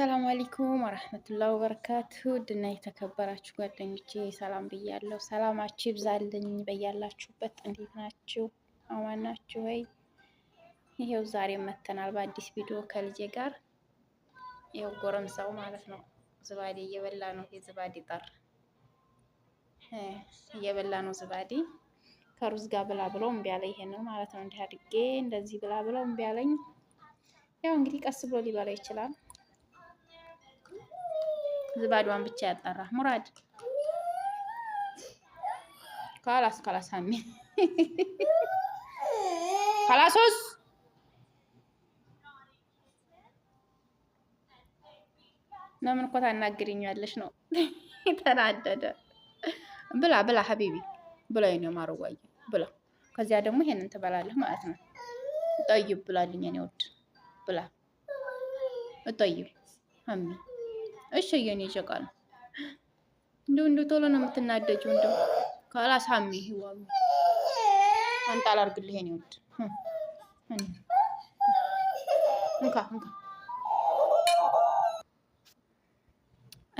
አሰላሙ አለይኩም ወረህመቱላሂ ወበረካቱ ውድና የተከበራችሁ ጓደኞቼ ሰላም ብያለሁ። ሰላማችሁ ይብዛልኝ በያላችሁበት። እንዴት ናችሁ? አማን ናችሁ ወይ? ይሄው ዛሬ መተናል በአዲስ ቪዲዮ ከልጄ ጋር። ይኸው ጎረምሳው ማለት ነው ዝባዴ እየበላ ነው። የዝባዴ ጠር እየበላ ነው ዝባዴ። ከሩዝ ጋር ብላ ብለው እምቢ አለ። ይሄን ማለት ነው እንዲህ አድርጌ እንደዚህ ብላ ብለው እምቢ አለኝ። ያው እንግዲህ ቀስ ብሎ ሊበላ ይችላል። ዝባድዋን ብቻ ያጣራ ሙራድ ካላስ ካላስ ሀሚ ካላሶስ ለምን እኮ ታናግሪኛለሽ ነው ተናደደ። ብላ ብላ ሀቢቢ ብላ ነው ማርዋይ ብላ ከዚያ ደግሞ ይሄንን ትበላለህ ማለት ነው። ጠይብ ብላልኝ እኔ ወድ ብላ ጠይብ አሚን እሺ የኔ ይጨቃል እንደው እንደው ቶሎ ነው የምትናደጂው። እንዲሁ ካላሳሚ ይዋሉ አንተ አላርግልህ የኔ ውድ እንካ እንካ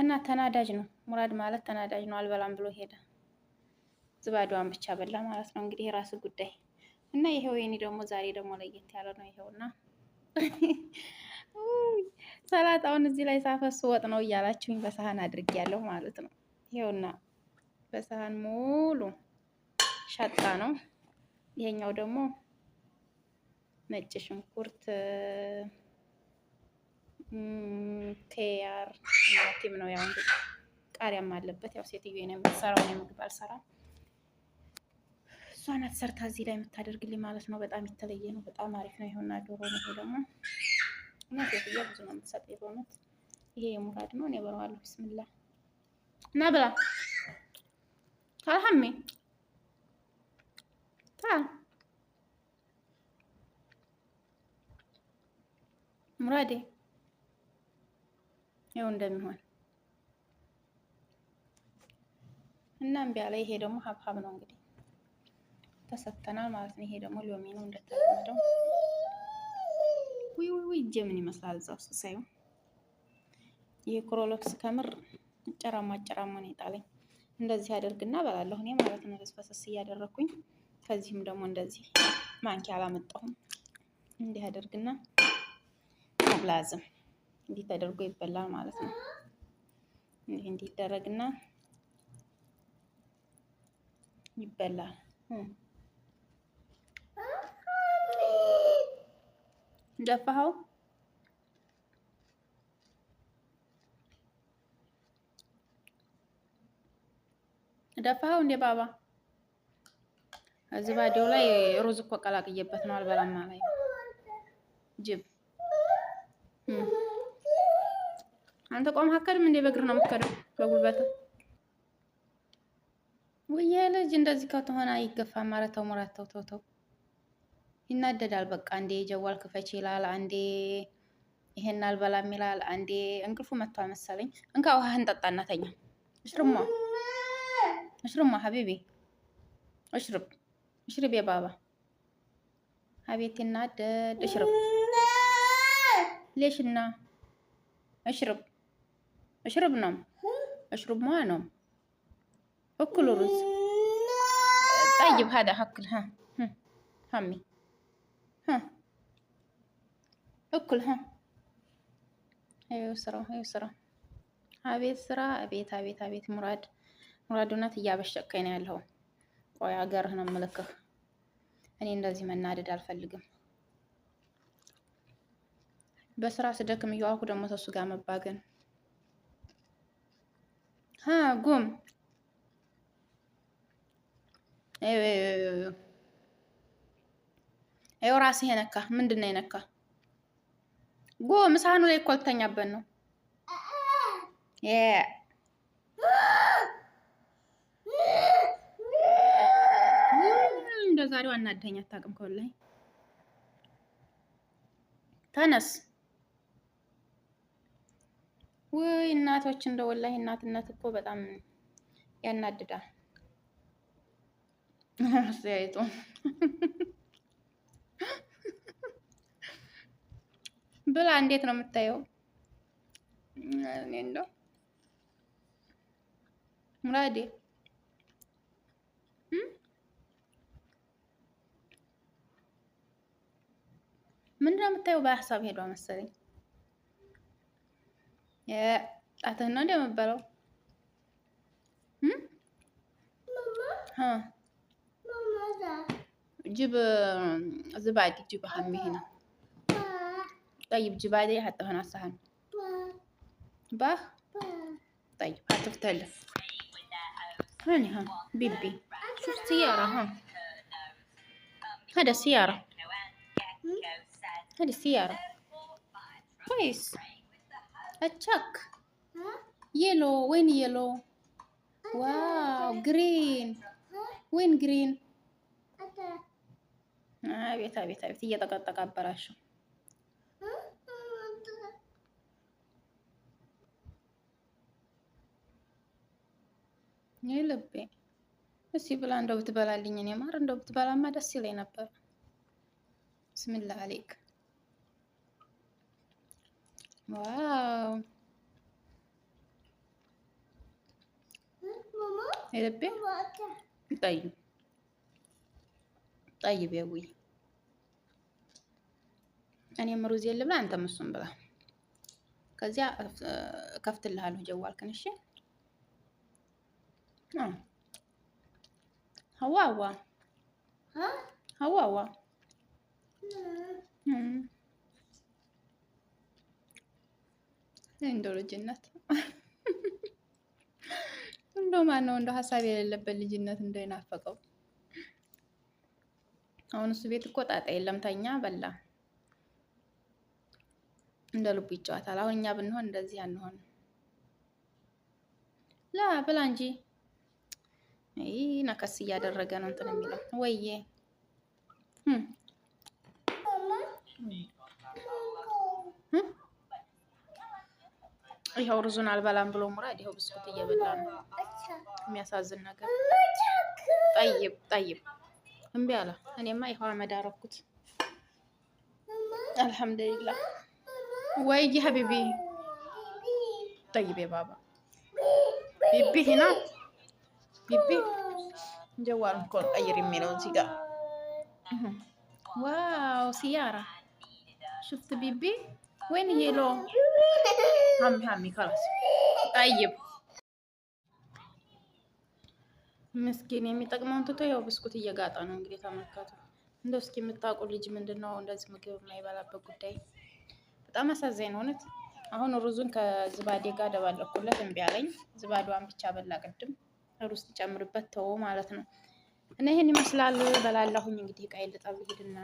እና ተናዳጅ ነው ሙራድ ማለት ተናዳጅ ነው። አልበላም ብሎ ሄደ። ዝባዷን ብቻ በላ ማለት ነው። እንግዲህ የራስ ጉዳይ እና ይሄው የኔ ደግሞ ዛሬ ደግሞ ለየት ያለ ነው ይሄውና ሰላጣውን እዚህ ላይ ሳፈስ ወጥ ነው እያላችሁኝ በሰሃን አድርጌያለሁ ማለት ነው። ይኸውና በሳህን ሙሉ ሸጣ ነው። ይሄኛው ደግሞ ነጭ ሽንኩርት፣ ቴያር ቲም ነው ያው እንግዲህ ቃሪያም አለበት። ያው ሴትዮ ነው የምትሰራው፣ ነው ምግብ አልሰራም። እሷ ናት ሰርታ እዚህ ላይ የምታደርግልኝ ማለት ነው። በጣም የተለየ ነው። በጣም አሪፍ ነው። ይኸውና ዶሮ ነው ደግሞ እና ሴትዮዋ ብዙ ነው የምትሰጠኝ በእውነት ይሄ የሙራድ ነው። እኔ በለዋለሁ። ብስምላ እና ብላ ታልሐሜ ታ ሙራዴ ይኸው እንደሚሆን እና እምቢ አለ። ይሄ ደግሞ ሀብሀብ ነው እንግዲህ ተሰጥተናል ማለት ነው። ይሄ ደግሞ ሎሚ ነው እንደተለመደው እጄ ምን ይመስላል እዛ ውስጥ ሳይሆን ይህ ክሮሎክስ ከምር ጨራማ ጨራማ ነው የጣለኝ። እንደዚህ አደርግና በላለሁ እኔ ማለት ነው ፈሰስ እያደረግኩኝ። ከዚህም ደግሞ እንደዚህ ማንኪያ አላመጣሁም። እንዲህ አደርግና መብላዝም እንዲህ ተደርጎ ይበላል ማለት ነው። እንዲህ እንዲህ ይደረግና ይበላል። ደፋኸው ደፋው እንዴ ባባ እዚህ ባዶው ላይ ሩዝ እኮ ቀላቅየበት ነው አልበላማ ላይ ጅብ አንተ ቆም አከድም እንዴ በእግር ነው የምትከደው በጉልበት ወይ ልጅ እንደዚህ ከተሆነ ተሆና ማለት ተው ሙራት ተው ተው ተው ይናደዳል በቃ እንዴ ጀዋል ክፈች ይላል አንዴ ይሄን አልበላም ይላል አንዴ እንቅልፉ መቷል መሰለኝ እንካ ውሃህን ጠጣ እናተኛ እሽርማ እሽርማ ሀቢቢ እሽርብ እሽርብ የባባ ሀቤቴና ደድ እሽርብ ሌሽና እሽርብ እሽርብ ነው እሽርብ ማ ነው እኩሉ ሩዝ ጠይብ ሀዳ ሀክል ሀ ሀሚ እኩል ሀ ስራ ይኸው ስራ አቤት ስራ አቤት አቤት አቤት ሙራድ ወላድ እውነት እያበሸቀኝ ነው ያለው። ቆይ ሀገርህ ነው ምልክህ። እኔ እንደዚህ መናደድ አልፈልግም። በስራ ስደክም እየዋልኩ ደግሞ ተሱ ጋር መባገን ጉም ይኸው ራስህ የነካ ምንድን ነው የነካ? ጉም ሳህኑ ላይ እኮ ልተኛበት ነው። እንደ ዛሬው አናዳኝ አታውቅም። ከወላይ ተነስ ወይ እናቶች፣ እንደ ወላይ እናትነት እኮ በጣም ያናድዳል። አስተያየቱ ብላ እንዴት ነው የምታየው? እኔ እንደው ሙራዴ ምንድነው የምታየው? በሀሳብ ሄዷ መሰለኝ። ጣትህን ነው እንደምበለው جيب آه، زبادي جيبها عمي هنا طيب زبادي إيه؟ حطها هنا على الصحن باخ طيب هاتف تلف هاني ها بيبي سيارة ها هذا سيارة Tá de fiera. Que Chuck. Yellow. Win yellow. Wow. Green. Win green. Ah, vi tá, vi tá. Vi tá, tá, tá, tá, tá, tá, belanda, betul belanda. Ini mah, rendah betul Ada sila, apa? Sembilan kali. واو ماما ربي طيب طيب يا بوي انا مروزي اللي بلا انت مسون بلا كزيا آه، كفت لها له جوال كنشي آه. هواوا ها هواوا ها 嗯。እንደ ልጅነት እንደ ማን ነው እንደ ሀሳብ የሌለበት ልጅነት እንደ ይናፈቀው። አሁን እሱ ቤት እኮ ጣጣ የለም፣ ተኛ በላ እንደ ልቡ ይጫወታል። አሁን እኛ ብንሆን እንደዚህ አንሆን ላ ብላ እንጂ ነከስ እያደረገ ነው እንትን የሚለው ወይዬ ይኸው ርዙን አልበላም ብሎ ሙራድ ይኸው ብስኩት እየበላ ነው። የሚያሳዝን ነገር ጠይብ ጠይብ እምቢ አለ። እኔማ ይኸው አመዳረኩት። አረኩት። አልሐምዱሊላህ ወይ ሀቢቢ ጠይቤ ባባ ቢቢ ሂና ቢቢ ጀዋር እንኮን ቀይር የሚለው እዚህ ጋር ዋው ሲያራ ሽፍት ቢቢ ወይን ሄሎ ሀሚ ሀሚ ጠይብ ምስኪን የሚጠቅመውን ትቶ ያው ብስኩት እየጋጠ ነው እንግዲህ ተመልከቱ። እንደ እስኪ የምታውቁ ልጅ ምንድን ነው እንደዚህ ምግብ የማይበላበት ጉዳይ በጣም አሳዛኝ ነው እውነት። አሁን ሩዙን ከዝባዴ ጋር ደባለኩለት፣ እምቢ አለኝ። ዝባዷን ብቻ በላ። ቅድም ሩዝ ትጨምርበት ተው ማለት ነው። እና ይህን ይመስላል በላላሁኝ። እንግዲህ እቃ ልጠብ ሂድና፣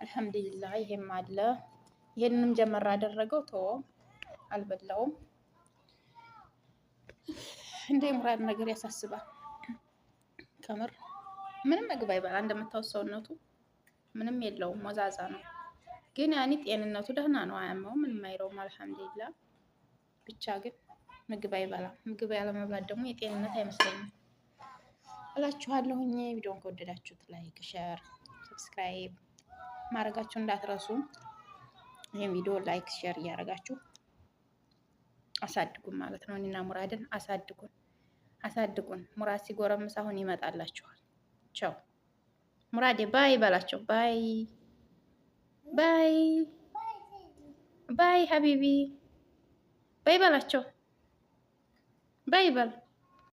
አልሐምዱሊላህ ይሄም አለ። ይህንንም ጀመር አደረገው ተወ። አልበላውም። እንደ ሙራድ ነገር ያሳስባል። ከምር ምንም ምግብ አይበላ ሰውነቱ ምንም የለውም፣ መዛዛ ነው። ግን ያኔ ጤንነቱ ደህና ነው፣ አያመውም፣ ምንም አይለውም። አልሐምዱሊላ ብቻ ግን ምግብ አይበላም። ምግብ ያለመብላት ደግሞ የጤንነት አይመስለኝም እላችኋለሁኝ። ቪዲዮን ከወደዳችሁት ላይክ፣ ሸር፣ ሰብስክራይብ ማድረጋችሁ እንዳትረሱ። ይህም ቪዲዮ ላይክ፣ ሸር እያደረጋችሁ አሳድጉን ማለት ነው። እኔና ሙራድን አሳድጉን፣ አሳድጉን። ሙራድ ሲጎረምስ አሁን ይመጣላችኋል። ቸው ሙራዴ ባይ በላቸው። ባይ ባይ ባይ ሀቢቢ ባይ በላቸው። ባይ በል